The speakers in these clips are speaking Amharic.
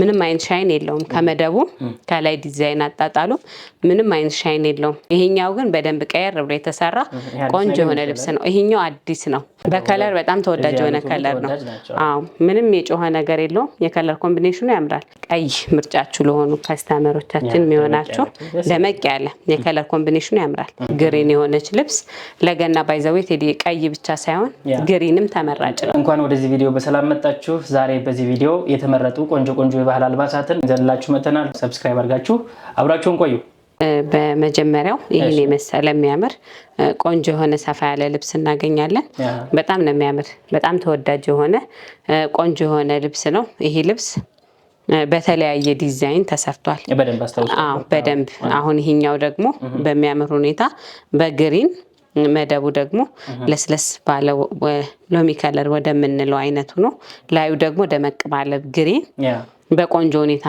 ምንም አይነት ሻይን የለውም። ከመደቡ ከላይ ዲዛይን አጣጣሉ ምንም አይነት ሻይን የለውም። ይሄኛው ግን በደንብ ቀየር ብሎ የተሰራ ቆንጆ የሆነ ልብስ ነው። ይሄኛው አዲስ ነው። በከለር በጣም ተወዳጅ የሆነ ከለር ነው። አዎ ምንም የጮኸ ነገር የለውም። የከለር ኮምቢኔሽኑ ያምራል። ቀይ ምርጫችሁ ለሆኑ ከስተመሮቻችን የሚሆናችሁ ደመቅ ያለ የከለር ኮምቢኔሽኑ ያምራል። ግሪን የሆነች ልብስ ለገና ባይዘዌ ቴዲ ቀይ ብቻ ሳይሆን ግሪንም ተመራጭ ነው። እንኳን ወደዚህ ቪዲዮ በሰላም መጣችሁ። ዛሬ በዚህ ቪዲዮ የተመረጡ ቆንጆ ቆንጆ የባህል አልባሳትን ይዘንላችሁ መተናል። ሰብስክራይብ አድርጋችሁ አብራችሁን ቆዩ። በመጀመሪያው ይህን የመሰለ የሚያምር ቆንጆ የሆነ ሰፋ ያለ ልብስ እናገኛለን። በጣም ነው የሚያምር። በጣም ተወዳጅ የሆነ ቆንጆ የሆነ ልብስ ነው ይሄ ልብስ በተለያየ ዲዛይን ተሰርቷል። በደንብ አሁን ይሄኛው ደግሞ በሚያምር ሁኔታ በግሪን መደቡ ደግሞ ለስለስ ባለ ሎሚ ከለር ወደምንለው አይነቱ ነው። ላዩ ደግሞ ደመቅ ባለ ግሪን በቆንጆ ሁኔታ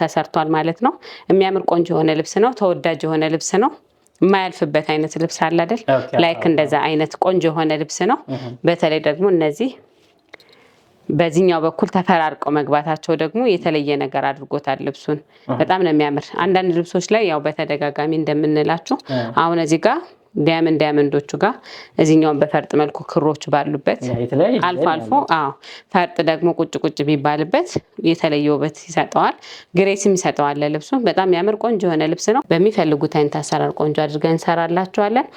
ተሰርቷል ማለት ነው። የሚያምር ቆንጆ የሆነ ልብስ ነው። ተወዳጅ የሆነ ልብስ ነው። የማያልፍበት አይነት ልብስ አለ አይደል? ላይክ እንደዛ አይነት ቆንጆ የሆነ ልብስ ነው። በተለይ ደግሞ እነዚህ በዚህኛው በኩል ተፈራርቀው መግባታቸው ደግሞ የተለየ ነገር አድርጎታል ልብሱን። በጣም ነው የሚያምር። አንዳንድ ልብሶች ላይ ያው በተደጋጋሚ እንደምንላችሁ አሁን እዚህ ጋር ዳያመንድ ዳያመንዶቹ ጋር እዚኛውን በፈርጥ መልኩ ክሮች ባሉበት አልፎ አልፎ ፈርጥ ደግሞ ቁጭ ቁጭ ቢባልበት የተለየ ውበት ይሰጠዋል፣ ግሬስም ይሰጠዋል ለልብሱ። በጣም የሚያምር ቆንጆ የሆነ ልብስ ነው። በሚፈልጉት አይነት አሰራር ቆንጆ አድርገን እንሰራላቸዋለን።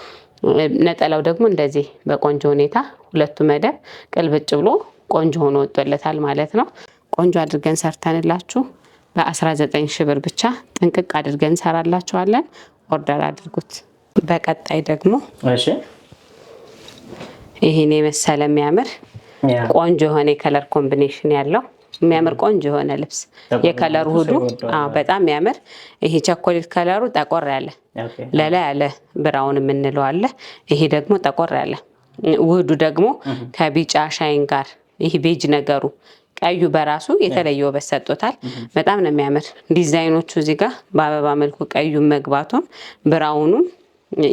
ነጠላው ደግሞ እንደዚህ በቆንጆ ሁኔታ ሁለቱ መደብ ቅልብጭ ብሎ ቆንጆ ሆኖ ወጥቶለታል ማለት ነው። ቆንጆ አድርገን ሰርተንላችሁ በ19 ሺህ ብር ብቻ ጥንቅቅ አድርገን እንሰራላችኋለን። ኦርደር አድርጉት። በቀጣይ ደግሞ ይሄን የመሰለ የሚያምር ቆንጆ የሆነ የከለር ኮምቢኔሽን ያለው የሚያምር ቆንጆ የሆነ ልብስ የከለሩ ሁሉ በጣም የሚያምር ይሄ ቸኮሌት ከለሩ ጠቆር ያለ ለላ ያለ ብራውን የምንለው አለ። ይሄ ደግሞ ጠቆር ያለ ውህዱ ደግሞ ከቢጫ ሻይን ጋር ይሄ ቤጅ ነገሩ ቀዩ በራሱ የተለየ ውበት ሰጥቶታል። በጣም ነው የሚያምር ዲዛይኖቹ እዚህ ጋር በአበባ መልኩ ቀዩ መግባቱም ብራውኑም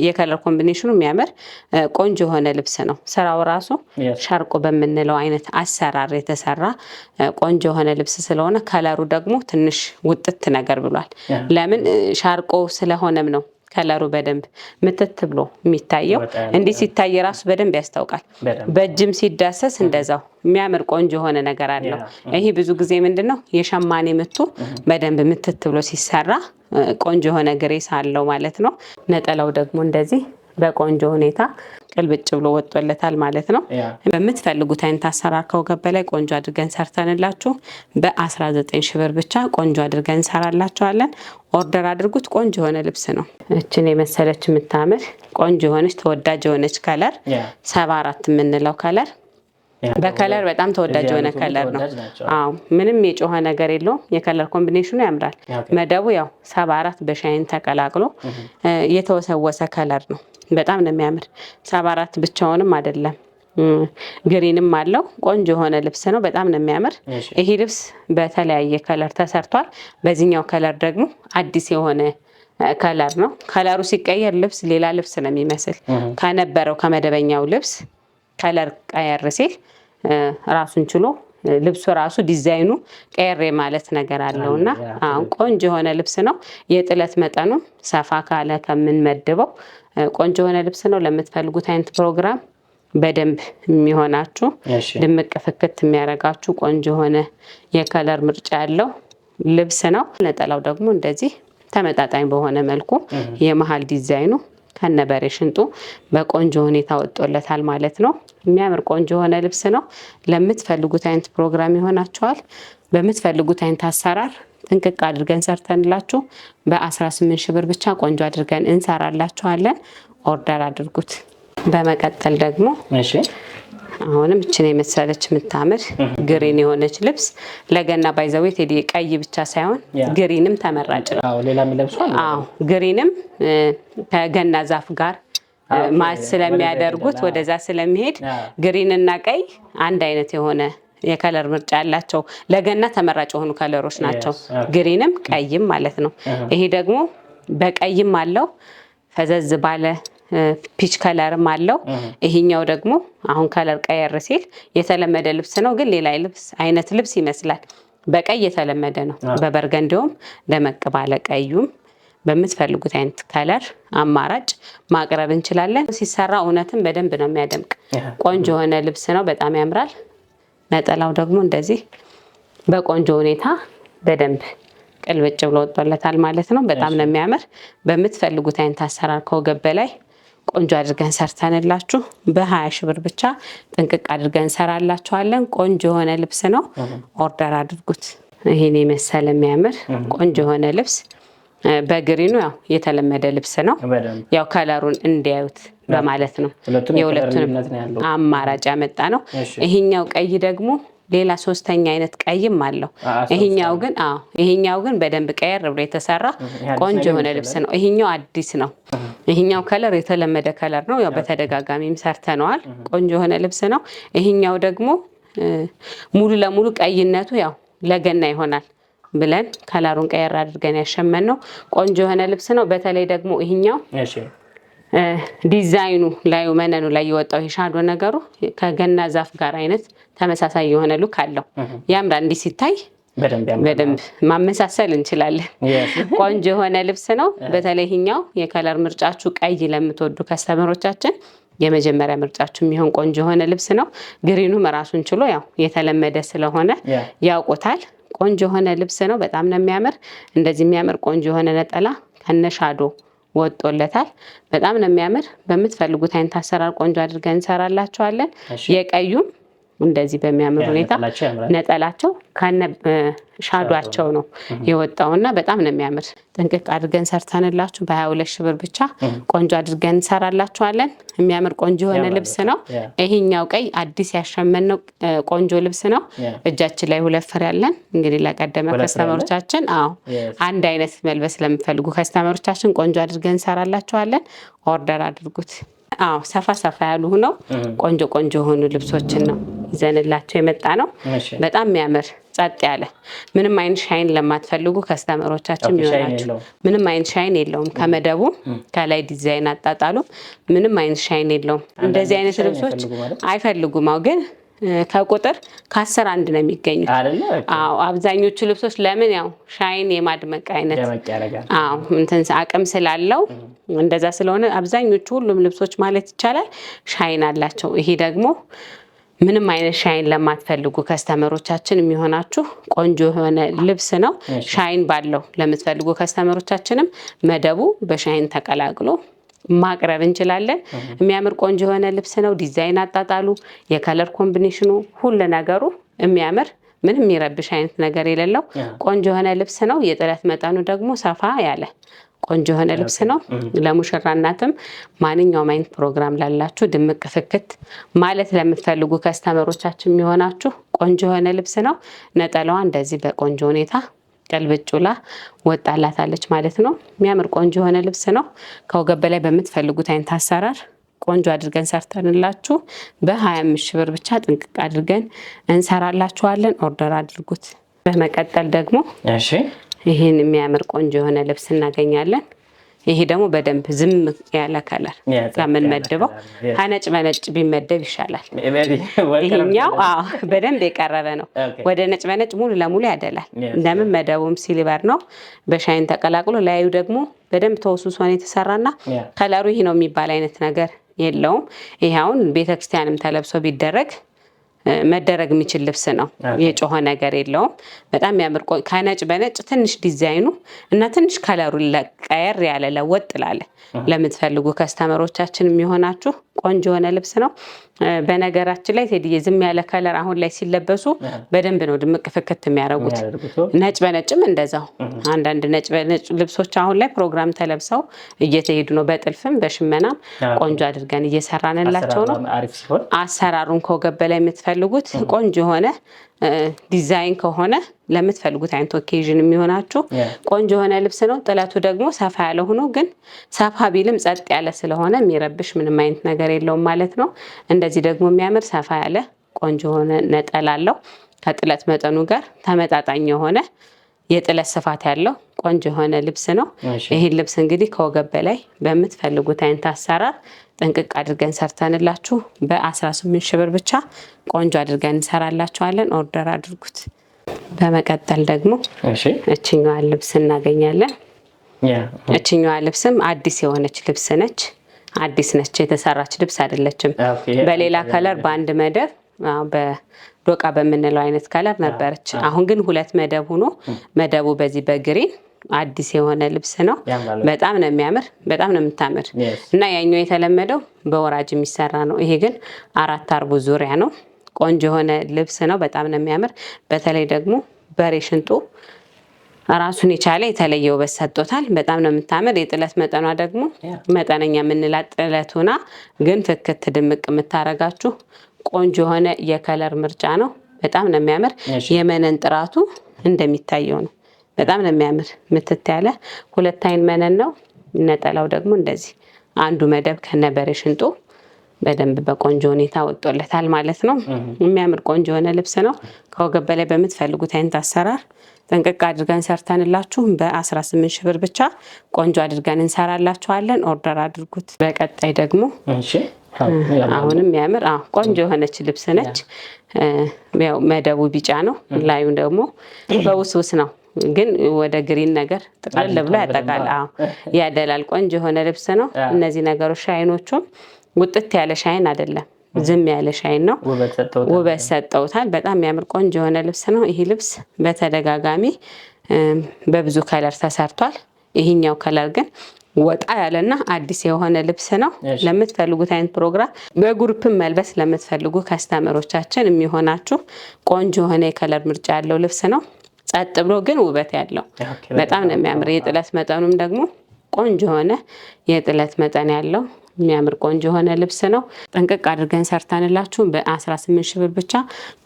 የከለር ኮምቢኔሽኑ የሚያምር ቆንጆ የሆነ ልብስ ነው። ስራው ራሱ ሸርቆ በምንለው አይነት አሰራር የተሰራ ቆንጆ የሆነ ልብስ ስለሆነ ከለሩ ደግሞ ትንሽ ውጥት ነገር ብሏል። ለምን ሻርቆ ስለሆነም ነው ከለሩ በደንብ ምትት ብሎ የሚታየው እንዲህ ሲታይ ራሱ በደንብ ያስታውቃል። በእጅም ሲዳሰስ mm-hmm. እንደዛው የሚያምር ቆንጆ የሆነ ነገር አለው። ይሄ ብዙ ጊዜ ምንድን ነው የሸማኔ ምቱ mm-hmm. በደንብ ምትት ብሎ ሲሰራ ቆንጆ የሆነ ግሬስ አለው ማለት ነው። ነጠላው ደግሞ እንደዚህ በቆንጆ ሁኔታ ቅልብጭ ብሎ ወጦለታል ማለት ነው። በምትፈልጉት አይነት አሰራር ከወገብ በላይ ቆንጆ አድርገን ሰርተንላችሁ በ19 ሽብር ብር ብቻ ቆንጆ አድርገን እንሰራላችኋለን። ኦርደር አድርጉት። ቆንጆ የሆነ ልብስ ነው። እችን የመሰለች የምታምር ቆንጆ የሆነች ተወዳጅ የሆነች ከለር ሰባ አራት የምንለው ከለር በከለር በጣም ተወዳጅ የሆነ ከለር ነው። አዎ ምንም የጮኸ ነገር የለውም። የከለር ኮምቢኔሽኑ ያምራል። መደቡ ያው ሰባ አራት በሻይን ተቀላቅሎ የተወሰወሰ ከለር ነው። በጣም ነው የሚያምር። ሰባ አራት ብቻውንም አይደለም ግሪንም አለው። ቆንጆ የሆነ ልብስ ነው። በጣም ነው የሚያምር። ይሄ ልብስ በተለያየ ከለር ተሰርቷል። በዚህኛው ከለር ደግሞ አዲስ የሆነ ከለር ነው። ከለሩ ሲቀየር ልብስ ሌላ ልብስ ነው የሚመስል ከነበረው ከመደበኛው ልብስ ከለር ቀየር ሲል ራሱን ችሎ ልብሱ ራሱ ዲዛይኑ ቀየሬ ማለት ነገር አለው እና ቆንጆ የሆነ ልብስ ነው። የጥለት መጠኑ ሰፋ ካለ ከምንመድበው ቆንጆ የሆነ ልብስ ነው። ለምትፈልጉት አይነት ፕሮግራም በደንብ የሚሆናችሁ ድምቅ ፍክት የሚያደርጋችሁ ቆንጆ የሆነ የከለር ምርጫ ያለው ልብስ ነው። ነጠላው ደግሞ እንደዚህ ተመጣጣኝ በሆነ መልኩ የመሀል ዲዛይኑ ከነበረ ሽንጡ በቆንጆ ሁኔታ ወጥቶለታል ማለት ነው። የሚያምር ቆንጆ የሆነ ልብስ ነው። ለምትፈልጉት አይነት ፕሮግራም ይሆናቸዋል። በምትፈልጉት አይነት አሰራር ጥንቅቅ አድርገን ሰርተንላችሁ በ18 ሺ ብር ብቻ ቆንጆ አድርገን እንሰራላችኋለን። ኦርደር አድርጉት። በመቀጠል ደግሞ አሁንም እችን የመሰለች የምታምር ግሪን የሆነች ልብስ ለገና ባይዘዌት ቴዲ ቀይ ብቻ ሳይሆን ግሪንም ተመራጭ ነው። ግሪንም ከገና ዛፍ ጋር ማች ስለሚያደርጉት ወደዛ ስለሚሄድ ግሪንና ቀይ አንድ አይነት የሆነ የከለር ምርጫ ያላቸው ለገና ተመራጭ የሆኑ ከለሮች ናቸው። ግሪንም ቀይም ማለት ነው። ይሄ ደግሞ በቀይም አለው ፈዘዝ ባለ ፒች ከለርም አለው። ይሄኛው ደግሞ አሁን ከለር ቀየር ሲል የተለመደ ልብስ ነው፣ ግን ሌላ ልብስ አይነት ልብስ ይመስላል። በቀይ የተለመደ ነው። በበርገንዲውም ደመቅ ባለ ቀዩም በምትፈልጉት አይነት ከለር አማራጭ ማቅረብ እንችላለን። ሲሰራ እውነትም በደንብ ነው የሚያደምቅ። ቆንጆ የሆነ ልብስ ነው፣ በጣም ያምራል። ነጠላው ደግሞ እንደዚህ በቆንጆ ሁኔታ በደንብ ቅልብጭ ብሎ ወጥቶለታል ማለት ነው። በጣም ነው የሚያምር። በምትፈልጉት አይነት አሰራር ከወገብ በላይ ቆንጆ አድርገን ሰርተንላችሁ በሀያ ሺህ ብር ብቻ ጥንቅቅ አድርገን እንሰራላችኋለን። ቆንጆ የሆነ ልብስ ነው። ኦርደር አድርጉት። ይህን የመሰለ የሚያምር ቆንጆ የሆነ ልብስ በግሪኑ ያው የተለመደ ልብስ ነው። ያው ከለሩን እንዲያዩት በማለት ነው የሁለቱን አማራጭ ያመጣ ነው። ይሄኛው ቀይ ደግሞ ሌላ ሶስተኛ አይነት ቀይም አለው። ይሄኛው ግን አዎ ይሄኛው ግን በደንብ ቀየር ብሎ የተሰራ ቆንጆ የሆነ ልብስ ነው። ይሄኛው አዲስ ነው። ይሄኛው ከለር የተለመደ ከለር ነው። ያው በተደጋጋሚም ሰርተነዋል። ቆንጆ የሆነ ልብስ ነው። ይሄኛው ደግሞ ሙሉ ለሙሉ ቀይነቱ ያው ለገና ይሆናል ብለን ከለሩን ቀየር አድርገን ያሸመን ነው። ቆንጆ የሆነ ልብስ ነው። በተለይ ደግሞ ይሄኛው ዲዛይኑ ላይ መነኑ ላይ የወጣው የሻዶ ነገሩ ከገና ዛፍ ጋር አይነት ተመሳሳይ የሆነ ሉክ አለው። ያምራል። እንዲህ ሲታይ በደንብ ማመሳሰል እንችላለን። ቆንጆ የሆነ ልብስ ነው። በተለይ የከለር ምርጫችሁ ቀይ ለምትወዱ ከስተመሮቻችን የመጀመሪያ ምርጫችሁ የሚሆን ቆንጆ የሆነ ልብስ ነው። ግሪኑም ራሱን ችሎ ያው የተለመደ ስለሆነ ያውቁታል። ቆንጆ የሆነ ልብስ ነው። በጣም ነው የሚያምር። እንደዚህ የሚያምር ቆንጆ የሆነ ነጠላ ከነሻዶ ወጦለታል። በጣም ነው የሚያምር። በምትፈልጉት አይነት አሰራር ቆንጆ አድርገን እንሰራላችኋለን። የቀዩም እንደዚህ በሚያምር ሁኔታ ነጠላቸው ከነ ሻዷቸው ነው የወጣውና በጣም ነው የሚያምር። ጥንቅቅ አድርገን ሰርተንላችሁ በሀያ ሁለት ሺህ ብር ብቻ ቆንጆ አድርገን እንሰራላችኋለን። የሚያምር ቆንጆ የሆነ ልብስ ነው። ይሄኛው ቀይ አዲስ ያሸመነው ቆንጆ ልብስ ነው። እጃችን ላይ ሁለት ፍር ያለን እንግዲህ ለቀደመ ከስተመሮቻችን፣ አዎ አንድ አይነት መልበስ ለምፈልጉ ከስተመሮቻችን ቆንጆ አድርገን እንሰራላችኋለን። ኦርደር አድርጉት። አዎ ሰፋ ሰፋ ያሉ ሆነው ቆንጆ ቆንጆ የሆኑ ልብሶችን ነው ይዘንላቸው የመጣ ነው። በጣም የሚያምር ጸጥ ያለ ምንም አይነት ሻይን ለማትፈልጉ ከስተመሮቻችን ይሆናችሁ። ምንም አይነት ሻይን የለውም። ከመደቡ ከላይ ዲዛይን አጣጣሉ ምንም አይነት ሻይን የለውም። እንደዚህ አይነት ልብሶች አይፈልጉም አው ግን ከቁጥር ከአስር አንድ ነው የሚገኙት። አዎ አብዛኞቹ ልብሶች ለምን ያው ሻይን የማድመቅ አይነት አቅም ስላለው እንደዛ ስለሆነ አብዛኞቹ ሁሉም ልብሶች ማለት ይቻላል ሻይን አላቸው። ይሄ ደግሞ ምንም አይነት ሻይን ለማትፈልጉ ከስተመሮቻችን የሚሆናችሁ ቆንጆ የሆነ ልብስ ነው። ሻይን ባለው ለምትፈልጉ ከስተመሮቻችንም መደቡ በሻይን ተቀላቅሎ ማቅረብ እንችላለን። የሚያምር ቆንጆ የሆነ ልብስ ነው። ዲዛይን አጣጣሉ፣ የከለር ኮምቢኔሽኑ፣ ሁሉ ነገሩ የሚያምር ምንም የሚረብሽ አይነት ነገር የሌለው ቆንጆ የሆነ ልብስ ነው። የጥለት መጠኑ ደግሞ ሰፋ ያለ ቆንጆ የሆነ ልብስ ነው። ለሙሽራ እናትም ማንኛውም አይነት ፕሮግራም ላላችሁ ድምቅ ፍክት ማለት ለምትፈልጉ ከስተመሮቻችን የሚሆናችሁ ቆንጆ የሆነ ልብስ ነው። ነጠላዋ እንደዚህ በቆንጆ ሁኔታ ገልብጭ ብላ ወጣላታለች ማለት ነው። የሚያምር ቆንጆ የሆነ ልብስ ነው። ከወገብ በላይ በምትፈልጉት አይነት አሰራር ቆንጆ አድርገን ሰርተንላችሁ በ25 ሺህ ብር ብቻ ጥንቅቅ አድርገን እንሰራላችኋለን። ኦርደር አድርጉት። በመቀጠል ደግሞ ይህን የሚያምር ቆንጆ የሆነ ልብስ እናገኛለን። ይሄ ደግሞ በደንብ ዝም ያለ ከለር ከምንመድበው ከነጭ በነጭ ቢመደብ ይሻላል። ይሄኛው በደንብ የቀረበ ነው። ወደ ነጭ በነጭ ሙሉ ለሙሉ ያደላል። እንደምን መደቡም ሲልቨር ነው በሻይን ተቀላቅሎ ላዩ ደግሞ በደንብ ተወስሶን የተሰራና ከለሩ ይሄ ነው የሚባል አይነት ነገር የለውም። ይሄ አሁን ቤተክርስቲያንም ተለብሶ ቢደረግ መደረግ የሚችል ልብስ ነው። የጮኸ ነገር የለውም። በጣም ያምር ከነጭ በነጭ ትንሽ ዲዛይኑ እና ትንሽ ከለሩ ቀየር ያለ ለወጥ ላለ ለምትፈልጉ ከስተመሮቻችን የሚሆናችሁ ቆንጆ የሆነ ልብስ ነው። በነገራችን ላይ ቴዲዬ ዝም ያለ ከለር አሁን ላይ ሲለበሱ በደንብ ነው ድምቅ ፍክት የሚያደርጉት። ነጭ በነጭም እንደዛው አንዳንድ ነጭ በነጭ ልብሶች አሁን ላይ ፕሮግራም ተለብሰው እየተሄዱ ነው። በጥልፍም በሽመናም ቆንጆ አድርገን እየሰራንላቸው ነው። አሰራሩን ከወገብ በላይ የምትፈልጉት ቆንጆ የሆነ ዲዛይን ከሆነ ለምትፈልጉት አይነት ኦኬዥን የሚሆናችሁ ቆንጆ የሆነ ልብስ ነው። ጥለቱ ደግሞ ሰፋ ያለ ሆኖ ግን ሰፋ ቢልም ጸጥ ያለ ስለሆነ የሚረብሽ ምንም አይነት ነገር የለውም ማለት ነው። እንደዚህ ደግሞ የሚያምር ሰፋ ያለ ቆንጆ የሆነ ነጠላ አለው ከጥለት መጠኑ ጋር ተመጣጣኝ የሆነ የጥለት ስፋት ያለው ቆንጆ የሆነ ልብስ ነው። ይህን ልብስ እንግዲህ ከወገብ በላይ በምትፈልጉት አይነት አሰራር ጥንቅቅ አድርገን ሰርተንላችሁ በ18 ሺህ ብር ብቻ ቆንጆ አድርገን እንሰራላችኋለን። ኦርደር አድርጉት። በመቀጠል ደግሞ እችኛዋን ልብስ እናገኛለን። እችኛዋ ልብስም አዲስ የሆነች ልብስ ነች። አዲስ ነች፣ የተሰራች ልብስ አይደለችም። በሌላ ከለር በአንድ መደብ ዶቃ በምንለው አይነት ከለር ነበረች። አሁን ግን ሁለት መደብ ሆኖ መደቡ በዚህ በግሪን አዲስ የሆነ ልብስ ነው። በጣም ነው የሚያምር፣ በጣም ነው የምታምር እና ያኛው የተለመደው በወራጅ የሚሰራ ነው። ይሄ ግን አራት አርቡ ዙሪያ ነው። ቆንጆ የሆነ ልብስ ነው። በጣም ነው የሚያምር። በተለይ ደግሞ በሬ ሽንጡ ራሱን የቻለ የተለየ ውበት ሰጥቶታል። በጣም ነው የምታምር። የጥለት መጠኗ ደግሞ መጠነኛ የምንላት ጥለት ሆና ግን ፍክት ድምቅ የምታረጋችሁ ቆንጆ የሆነ የከለር ምርጫ ነው። በጣም ነው የሚያምር። የመነን ጥራቱ እንደሚታየው ነው። በጣም ነው የሚያምር። ምትት ያለ ሁለት አይን መነን ነው። ነጠላው ደግሞ እንደዚህ አንዱ መደብ ከነበረ ሽንጡ በደንብ በቆንጆ ሁኔታ ወጥቶለታል ማለት ነው። የሚያምር ቆንጆ የሆነ ልብስ ነው። ከወገብ በላይ በምትፈልጉት አይነት አሰራር ጥንቅቅ አድርገን ሰርተንላችሁ በ18 ሺህ ብር ብቻ ቆንጆ አድርገን እንሰራላችኋለን። ኦርደር አድርጉት። በቀጣይ ደግሞ አሁንም የሚያምር ቆንጆ የሆነች ልብስ ነች። መደቡ ቢጫ ነው፣ ላዩ ደግሞ በውስውስ ነው፣ ግን ወደ ግሪን ነገር ጥቅልል ብሎ ያጠቃል፣ ያደላል። ቆንጆ የሆነ ልብስ ነው። እነዚህ ነገሮች ሻይኖቹም ውጥት ያለ ሻይን አይደለም፣ ዝም ያለ ሻይን ነው። ውበት ሰጠውታል። በጣም የሚያምር ቆንጆ የሆነ ልብስ ነው። ይህ ልብስ በተደጋጋሚ በብዙ ከለር ተሰርቷል። ይህኛው ከለር ግን ወጣ ያለና አዲስ የሆነ ልብስ ነው። ለምትፈልጉት አይነት ፕሮግራም በግሩፕን መልበስ ለምትፈልጉ ከስተመሮቻችን የሚሆናችሁ ቆንጆ የሆነ የከለር ምርጫ ያለው ልብስ ነው። ጸጥ ብሎ ግን ውበት ያለው በጣም ነው የሚያምር። የጥለት መጠኑም ደግሞ ቆንጆ የሆነ የጥለት መጠን ያለው የሚያምር ቆንጆ የሆነ ልብስ ነው። ጠንቅቅ አድርገን ሰርተንላችሁ በ18 ሺህ ብር ብቻ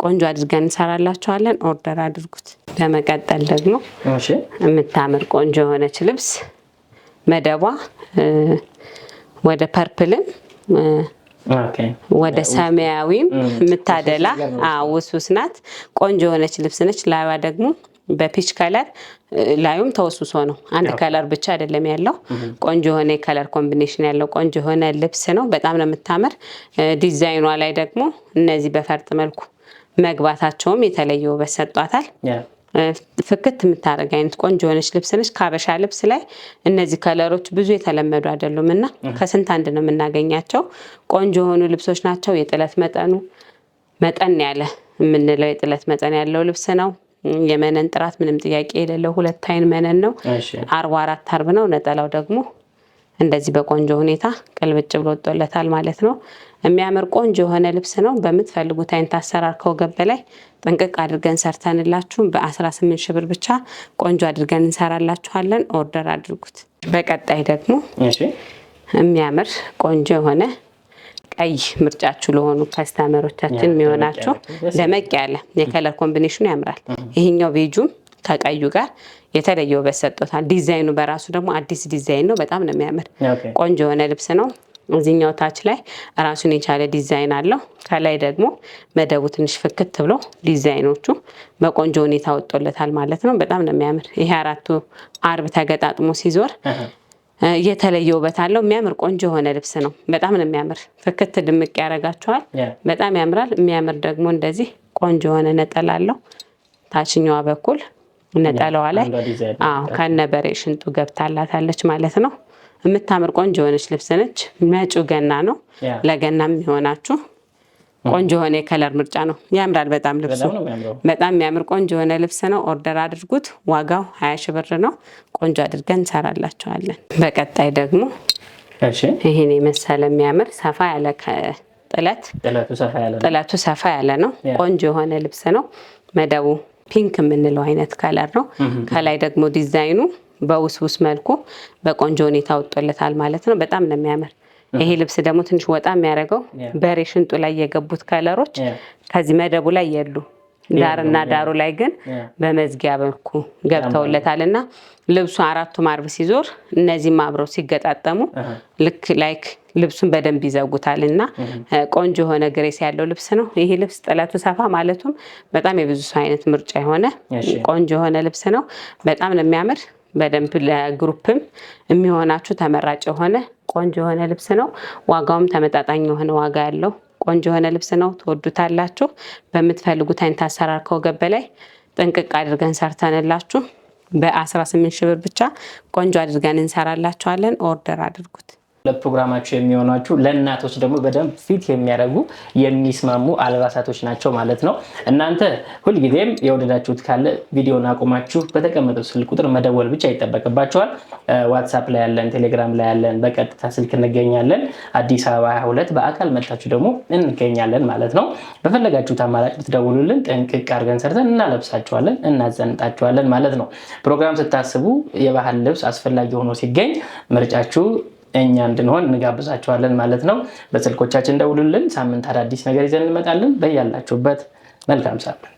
ቆንጆ አድርገን እንሰራላችኋለን። ኦርደር አድርጉት። በመቀጠል ደግሞ የምታምር ቆንጆ የሆነች ልብስ መደቧ ወደ ፐርፕልም ወደ ሰማያዊም የምታደላ ውሱስ ናት። ቆንጆ የሆነች ልብስ ነች። ላይዋ ደግሞ በፒች ከለር ላዩም ተወሱሶ ነው። አንድ ከለር ብቻ አይደለም ያለው። ቆንጆ የሆነ የከለር ኮምቢኔሽን ያለው ቆንጆ የሆነ ልብስ ነው። በጣም ነው የምታምር። ዲዛይኗ ላይ ደግሞ እነዚህ በፈርጥ መልኩ መግባታቸውም የተለየ ውበት ሰጧታል። ፍክት የምታደርግ አይነት ቆንጆ የሆነች ልብስ ነች። ካበሻ ልብስ ላይ እነዚህ ከለሮች ብዙ የተለመዱ አይደሉም እና ከስንት አንድ ነው የምናገኛቸው። ቆንጆ የሆኑ ልብሶች ናቸው። የጥለት መጠኑ መጠን ያለ የምንለው የጥለት መጠን ያለው ልብስ ነው። የመነን ጥራት ምንም ጥያቄ የሌለው ሁለት አይን መነን ነው። አርባ አራት አርብ ነው። ነጠላው ደግሞ እንደዚህ በቆንጆ ሁኔታ ቅልብጭ ብሎ ወጥቶለታል ማለት ነው። የሚያምር ቆንጆ የሆነ ልብስ ነው። በምትፈልጉት አይነት አሰራር ከወገብ በላይ ጥንቅቅ አድርገን ሰርተንላችሁ በ18 ሺህ ብር ብቻ ቆንጆ አድርገን እንሰራላችኋለን። ኦርደር አድርጉት። በቀጣይ ደግሞ የሚያምር ቆንጆ የሆነ ቀይ ምርጫችሁ ለሆኑ ከስተመሮቻችን የሚሆናችሁ ደመቅ ያለ የከለር ኮምቢኔሽኑ ያምራል። ይሄኛው ቤጁም ከቀዩ ጋር የተለየ ውበት ሰጥቶታል። ዲዛይኑ በራሱ ደግሞ አዲስ ዲዛይን ነው። በጣም ነው የሚያምር ቆንጆ የሆነ ልብስ ነው። እዚህኛው ታች ላይ ራሱን የቻለ ዲዛይን አለው። ከላይ ደግሞ መደቡ ትንሽ ፍክት ብሎ ዲዛይኖቹ በቆንጆ ሁኔታ ወጥጦለታል ማለት ነው። በጣም ነው የሚያምር። ይሄ አራቱ አርብ ተገጣጥሞ ሲዞር የተለየ ውበት አለው። የሚያምር ቆንጆ የሆነ ልብስ ነው። በጣም ነው የሚያምር። ፍክት ድምቅ ያደርጋቸዋል። በጣም ያምራል። የሚያምር ደግሞ እንደዚህ ቆንጆ የሆነ ነጠላ አለው ታችኛዋ በኩል ነጠላዋ ላይ ከነ በሬ ሽንጡ ገብታላታለች ማለት ነው። የምታምር ቆንጆ የሆነች ልብስ ነች። መጪው ገና ነው። ለገና የሚሆናችሁ ቆንጆ የሆነ የከለር ምርጫ ነው። ያምራል በጣም ልብሱ በጣም የሚያምር ቆንጆ የሆነ ልብስ ነው። ኦርደር አድርጉት። ዋጋው ሀያ ሺህ ብር ነው። ቆንጆ አድርገን እንሰራላቸዋለን። በቀጣይ ደግሞ ይህን የመሰለ የሚያምር ሰፋ ያለ ጥለት ጥለቱ ሰፋ ያለ ነው። ቆንጆ የሆነ ልብስ ነው መደቡ ፒንክ የምንለው አይነት ከለር ነው። ከላይ ደግሞ ዲዛይኑ በውስውስ መልኩ በቆንጆ ሁኔታ ወጥቶለታል ማለት ነው። በጣም ነው የሚያምር። ይሄ ልብስ ደግሞ ትንሽ ወጣ የሚያደርገው በሬ ሽንጡ ላይ የገቡት ከለሮች ከዚህ መደቡ ላይ የሉ ዳርና ዳሩ ላይ ግን በመዝጊያ በኩ ገብተውለታል እና ልብሱ አራቱም አርብ ሲዞር እነዚህም አብረው ሲገጣጠሙ ልክ ላይክ ልብሱን በደንብ ይዘጉታል እና ቆንጆ የሆነ ግሬስ ያለው ልብስ ነው። ይህ ልብስ ጥለቱ ሰፋ ማለቱም በጣም የብዙ ሰው አይነት ምርጫ የሆነ ቆንጆ የሆነ ልብስ ነው። በጣም ነው የሚያምር። በደንብ ለግሩፕም የሚሆናችሁ ተመራጭ የሆነ ቆንጆ የሆነ ልብስ ነው። ዋጋውም ተመጣጣኝ የሆነ ዋጋ ያለው ቆንጆ የሆነ ልብስ ነው። ትወዱታላችሁ። በምትፈልጉት አይነት አሰራር ከወገብ በላይ ጥንቅቅ አድርገን ሰርተንላችሁ በ18 ሺህ ብር ብቻ ቆንጆ አድርገን እንሰራላችኋለን። ኦርደር አድርጉት። ለፕሮግራማቸው የሚሆናችሁ ለእናቶች ደግሞ በደንብ ፊት የሚያደርጉ የሚስማሙ አልባሳቶች ናቸው ማለት ነው። እናንተ ሁልጊዜም የወደዳችሁት ካለ ቪዲዮን አቁማችሁ በተቀመጠው ስልክ ቁጥር መደወል ብቻ ይጠበቅባቸዋል ዋትሳፕ ላይ ያለን፣ ቴሌግራም ላይ ያለን፣ በቀጥታ ስልክ እንገኛለን። አዲስ አበባ 22 በአካል መታችሁ ደግሞ እንገኛለን ማለት ነው። በፈለጋችሁት አማራጭ ብትደውሉልን ጥንቅቅ አድርገን ሰርተን እናለብሳችኋለን፣ እናዘንጣችኋለን ማለት ነው። ፕሮግራም ስታስቡ የባህል ልብስ አስፈላጊ ሆኖ ሲገኝ ምርጫችሁ እኛ እንድንሆን እንጋብዛችኋለን ማለት ነው። በስልኮቻችን ደውሉልን። ሳምንት አዳዲስ ነገር ይዘን እንመጣለን። በያላችሁበት መልካም ሳምንት